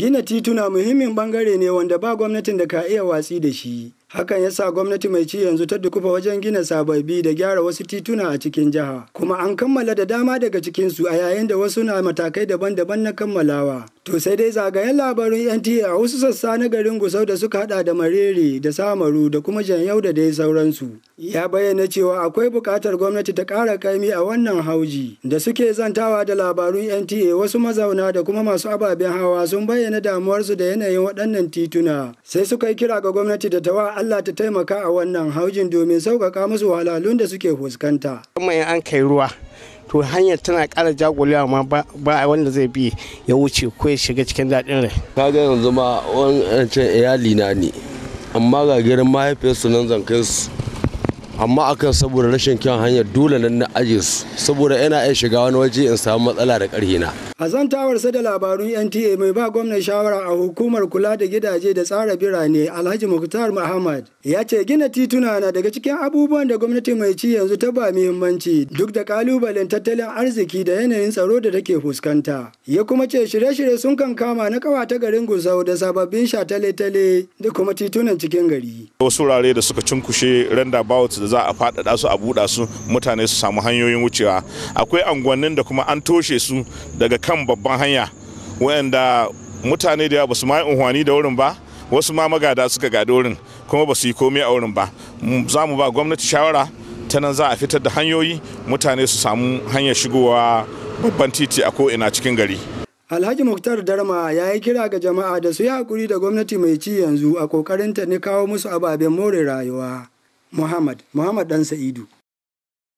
Gina tituna muhimmin bangare ne wanda ba gwamnatin da ka iya watsi da shi. Hakan yasa gwamnati mai ci yanzu ta dukufa wajen gina sababbi da gyara wasu tituna a cikin jiha. Kuma an kammala da dama daga cikinsu a yayin da wasu na matakai daban-daban na kammalawa. To sai dai zagayen labarin NTA a wasu sassa na garin Gusau da suka hada da Marere da Samaru da kuma Janyau da dai sauransu. Ya bayyana cewa akwai buƙatar gwamnati ta ƙara kaimi a wannan hauji da suke zantawa da labarun NTA wasu mazauna da kuma masu ababen hawa sun bayyana damuwarsu da yanayin waɗannan tituna. Sai suka yi kira ga gwamnati da ta wa Allah ta taimaka a wannan haujin domin sauƙaƙa musu wahalhalun da suke fuskanta. Kuma an kai ruwa to hanyar tana kara jagolewa ma ba wanda zai bi ya wuce ko ya shiga cikin daɗin rai ka ga yanzu ma wancan iyali na ne amma ga girin mahaifiyarsu nan zan kai su amma akan saboda rashin kyan hanyar dole nan na aje saboda yana iya shiga wani waje in samu matsala da ƙarhina na a zantawarsa da labarun nta mai ba gwamnan shawara a hukumar kula da gidaje da tsara birane alhaji muktar muhammad ya ce gina tituna na daga cikin abubuwan da gwamnati mai ci yanzu ta ba muhimmanci duk da kalubalen tattalin arziki da yanayin tsaro da take fuskanta ya kuma ce shirye-shirye sun kan kama na kawata garin gusau da sababbin shatale-tale da kuma titunan cikin gari wasu wurare da suka cunkushe roundabout da za a faɗaɗa su a buɗa su mutane su samu hanyoyin wucewa akwai unguwannin da kuma an toshe su daga kan babban hanya wanda mutane da yawa ba su ma unhwani da wurin ba wasu ma magada suka gada wurin kuma ba su yi komai a wurin ba za mu ba gwamnati shawara ta nan za a fitar da hanyoyi mutane su samu hanyar shigowa babban titi a ko'ina cikin gari alhaji muktar darma ya yi kira ga jama'a da su yi hakuri da gwamnati mai ci yanzu a kokarin ta ne kawo musu ababen more rayuwa muhammad muhammad dan sa'idu